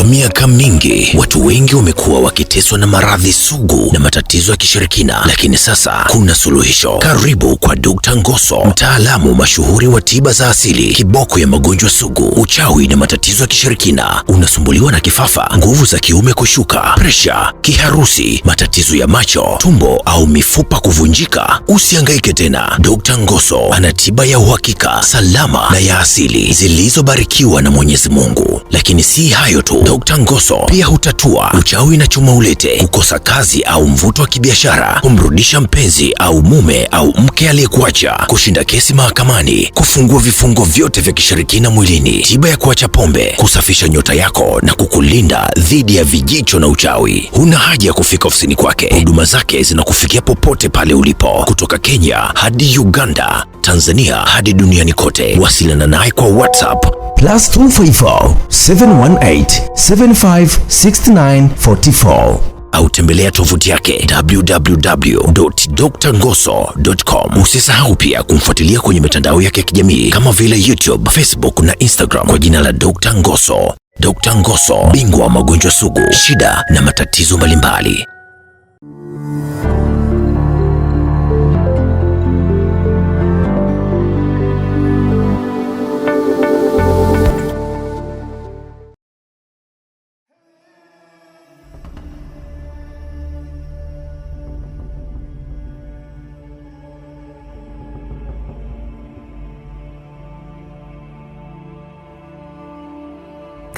Kwa miaka mingi watu wengi wamekuwa wakiteswa na maradhi sugu na matatizo ya kishirikina, lakini sasa kuna suluhisho. Karibu kwa Dr. Ngoso, mtaalamu mashuhuri wa tiba za asili, kiboko ya magonjwa sugu, uchawi na matatizo ya kishirikina. Unasumbuliwa na kifafa, nguvu za kiume kushuka, presha, kiharusi, matatizo ya macho, tumbo au mifupa kuvunjika? Usihangaike tena. Dr. Ngoso ana tiba ya uhakika, salama na ya asili zilizobarikiwa na Mwenyezi Mungu. Lakini si hayo tu Dr. Ngoso pia hutatua uchawi na chuma ulete, kukosa kazi au mvuto wa kibiashara, kumrudisha mpenzi au mume au mke aliyekuacha, kushinda kesi mahakamani, kufungua vifungo vyote vya kishirikina mwilini, tiba ya kuacha pombe, kusafisha nyota yako na kukulinda dhidi ya vijicho na uchawi. Huna haja ya kufika ofisini kwake, huduma zake zinakufikia popote pale ulipo, kutoka Kenya hadi Uganda, Tanzania hadi duniani kote. Wasiliana naye kwa WhatsApp plus 254 718 756944 au tembelea tovuti yake www.drngoso.com. Usisahau pia kumfuatilia kwenye mitandao yake ya kijamii kama vile YouTube, Facebook na Instagram kwa jina la Dr. Ngoso. Dr. Ngoso, bingwa wa magonjwa sugu, shida na matatizo mbalimbali.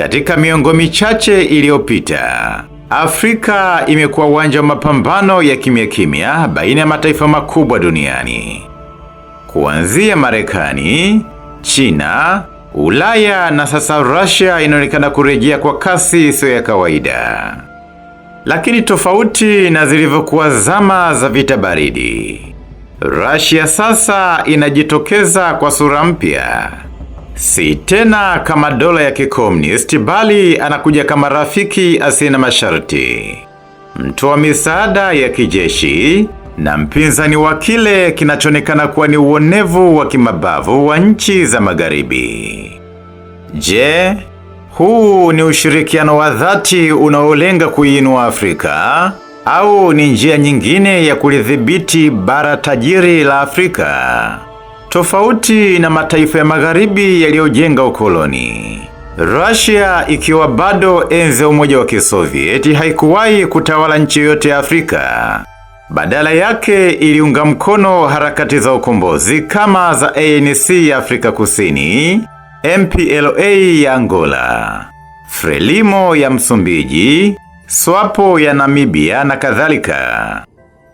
Katika miongo michache iliyopita, Afrika imekuwa uwanja wa mapambano ya kimya kimya baina ya mataifa makubwa duniani. Kuanzia Marekani, China, Ulaya na sasa Russia inaonekana kurejea kwa kasi isiyo ya kawaida. Lakini tofauti na zilivyokuwa zama za vita baridi, Russia sasa inajitokeza kwa sura mpya si tena kama dola ya kikomunisti, bali anakuja kama rafiki asiye na masharti, wa misaada ya kijeshi na mpinzani wa kile kinachoonekana kuwa ni uonevu wa kimabavu wa nchi za Magharibi. Je, huu ni ushirikiano wa dhati unaolenga kuinua Afrika au ni njia nyingine ya kulidhibiti bara tajiri la Afrika? Tofauti na mataifa ya magharibi yaliyojenga ukoloni, Russia ikiwa bado enzi ya Umoja wa Kisovieti haikuwahi kutawala nchi yoyote ya Afrika. Badala yake iliunga mkono harakati za ukombozi kama za ANC ya Afrika Kusini, MPLA ya Angola, Frelimo ya Msumbiji, SWAPO ya Namibia na kadhalika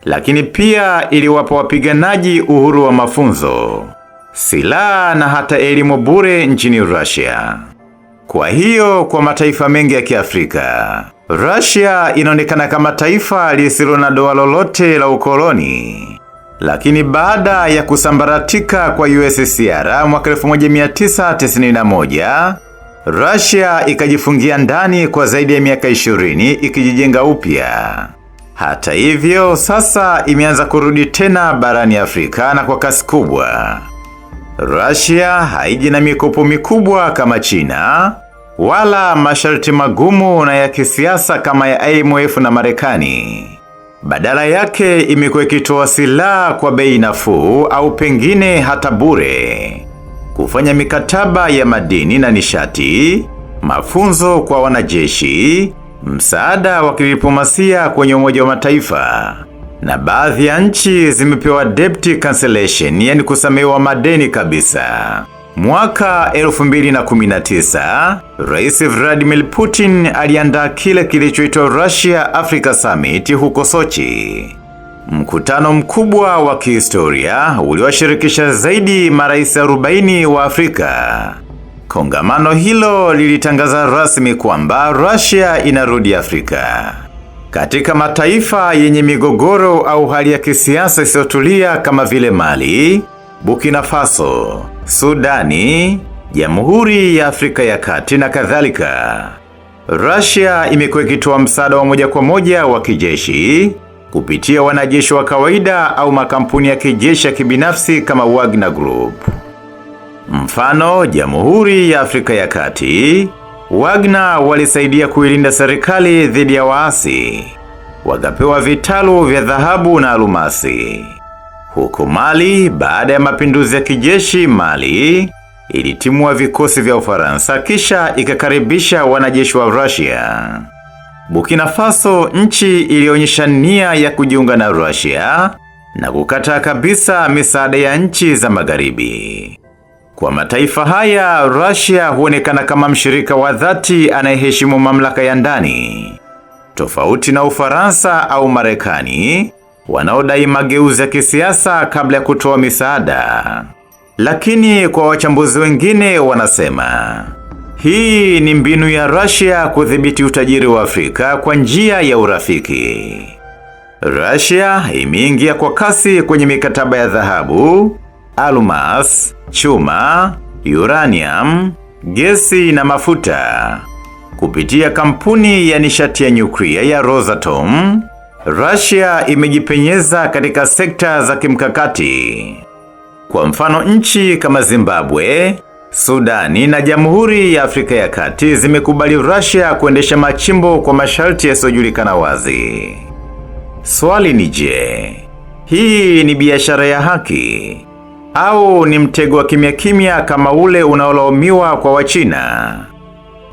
lakini pia iliwapa wapiganaji uhuru wa mafunzo, silaha na hata elimu bure nchini Russia. Kwa hiyo kwa mataifa mengi ya Kiafrika, Russia inaonekana kama taifa lisilo na doa lolote la ukoloni. Lakini baada ya kusambaratika kwa USSR mwaka 1991, Russia ikajifungia ndani kwa zaidi ya miaka 20 ikijijenga upya. Hata hivyo, sasa imeanza kurudi tena barani Afrika na kwa kasi kubwa. Russia haiji na mikopo mikubwa kama China wala masharti magumu na ya kisiasa kama ya IMF na Marekani. Badala yake imekuwa ikitoa silaha kwa bei nafuu au pengine hata bure, kufanya mikataba ya madini na nishati, mafunzo kwa wanajeshi msaada wa kidiplomasia kwenye Umoja wa Mataifa, na baadhi ya nchi zimepewa debt cancellation, yani kusamehewa madeni kabisa. Mwaka 2019 Rais Vladimir Putin aliandaa kile kilichoitwa Russia Africa Summit huko Sochi, mkutano mkubwa wa kihistoria uliowashirikisha zaidi marais 40 wa Afrika. Kongamano hilo lilitangaza rasmi kwamba Russia inarudi Afrika. Katika mataifa yenye migogoro au hali ya kisiasa isiyotulia kama vile Mali, Burkina Faso, Sudani, Jamhuri ya Afrika ya Kati na kadhalika, Russia imekuwa ikitoa msaada wa moja kwa moja wa kijeshi kupitia wanajeshi wa kawaida au makampuni ya kijeshi ya kibinafsi kama Wagner Group. Mfano, Jamhuri ya Afrika ya Kati, Wagner walisaidia kuilinda serikali dhidi ya waasi, wakapewa vitalu vya dhahabu na almasi. Huko Mali, baada ya mapinduzi ya kijeshi, Mali ilitimua vikosi vya Ufaransa kisha ikakaribisha wanajeshi wa Russia. Burkina Faso, nchi ilionyesha nia ya kujiunga na Russia na kukataa kabisa misaada ya nchi za magharibi. Kwa mataifa haya, Russia huonekana kama mshirika wa dhati anayeheshimu mamlaka ya ndani, tofauti na Ufaransa au Marekani wanaodai mageuzi ya kisiasa kabla ya kutoa misaada. Lakini kwa wachambuzi wengine wanasema hii ni mbinu ya Russia kudhibiti utajiri wa Afrika kwa njia ya urafiki. Russia imeingia kwa kasi kwenye mikataba ya dhahabu almas, chuma, uranium, gesi na mafuta. Kupitia kampuni ya nishati ya nyuklia ya Rosatom, Russia imejipenyeza katika sekta za kimkakati. Kwa mfano, nchi kama Zimbabwe, Sudani na Jamhuri ya Afrika ya Kati zimekubali Russia kuendesha machimbo kwa masharti yasiyojulikana wazi. Swali ni je, hii ni biashara ya haki au ni mtego wa kimya kimya kama ule unaolaumiwa kwa Wachina?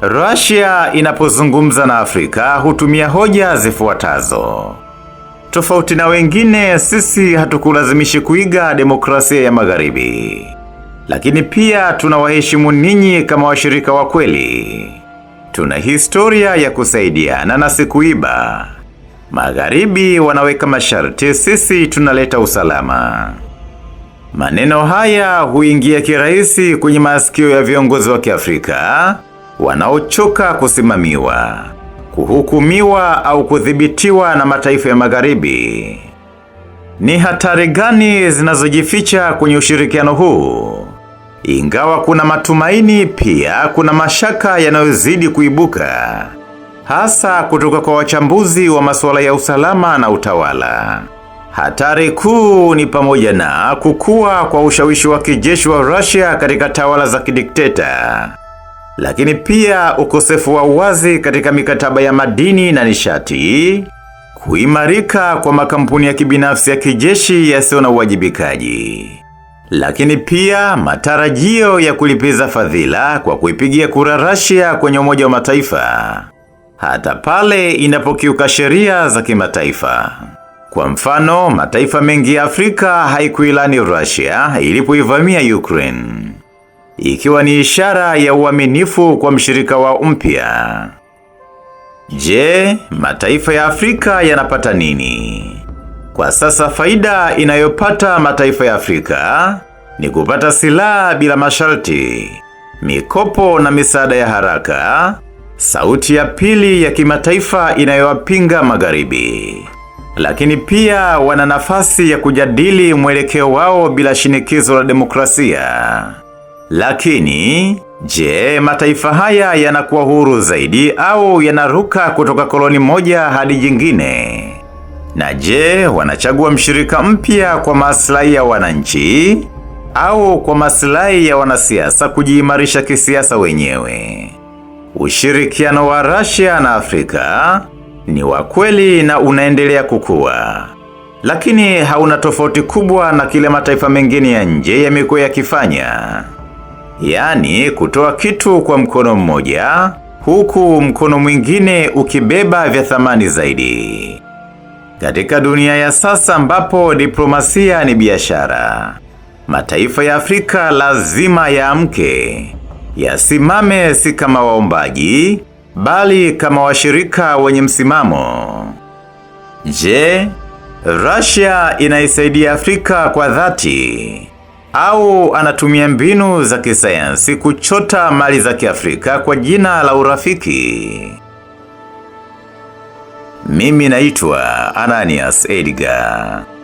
Russia inapozungumza na Afrika hutumia hoja zifuatazo. Tofauti na wengine, sisi hatukulazimishi kuiga demokrasia ya Magharibi, lakini pia tunawaheshimu ninyi kama washirika wa kweli. Tuna historia ya kusaidiana na si kuiba. Magharibi wanaweka masharti, sisi tunaleta usalama. Maneno haya huingia kirahisi kwenye masikio ya viongozi wa Kiafrika wanaochoka kusimamiwa, kuhukumiwa au kudhibitiwa na mataifa ya Magharibi. Ni hatari gani zinazojificha kwenye ushirikiano huu? Ingawa kuna matumaini, pia kuna mashaka yanayozidi kuibuka, hasa kutoka kwa wachambuzi wa masuala ya usalama na utawala. Hatari kuu ni pamoja na kukua kwa ushawishi wa kijeshi wa Russia katika tawala za kidikteta, lakini pia ukosefu wa uwazi katika mikataba ya madini na nishati, kuimarika kwa makampuni ya kibinafsi ya kijeshi yasiyo na uwajibikaji, lakini pia matarajio ya kulipiza fadhila kwa kuipigia kura Russia kwenye Umoja wa Mataifa hata pale inapokiuka sheria za kimataifa. Kwa mfano, mataifa mengi ya Afrika haikuilani Russia ilipoivamia Ukraine, ikiwa ni ishara ya uaminifu kwa mshirika wao mpya. Je, mataifa ya Afrika yanapata nini? Kwa sasa faida inayopata mataifa ya Afrika ni kupata silaha bila masharti, mikopo na misaada ya haraka, sauti ya pili ya kimataifa inayowapinga magharibi lakini pia wana nafasi ya kujadili mwelekeo wao bila shinikizo la demokrasia. Lakini je, mataifa haya yanakuwa huru zaidi au yanaruka kutoka koloni moja hadi jingine? Na je, wanachagua mshirika mpya kwa maslahi ya wananchi au kwa maslahi ya wanasiasa kujiimarisha kisiasa wenyewe? Ushirikiano wa Russia na Afrika ni wa kweli na unaendelea kukua, lakini hauna tofauti kubwa na kile mataifa mengine ya nje yamekuwa yakifanya, yaani kutoa kitu kwa mkono mmoja huku mkono mwingine ukibeba vya thamani zaidi. Katika dunia ya sasa ambapo diplomasia ni biashara, mataifa ya Afrika lazima yaamke, yasimame si kama waombaji bali kama washirika wenye msimamo. Je, Russia inaisaidia Afrika kwa dhati au anatumia mbinu za kisayansi kuchota mali za Kiafrika kwa jina la urafiki? Mimi naitwa Ananias Edgar.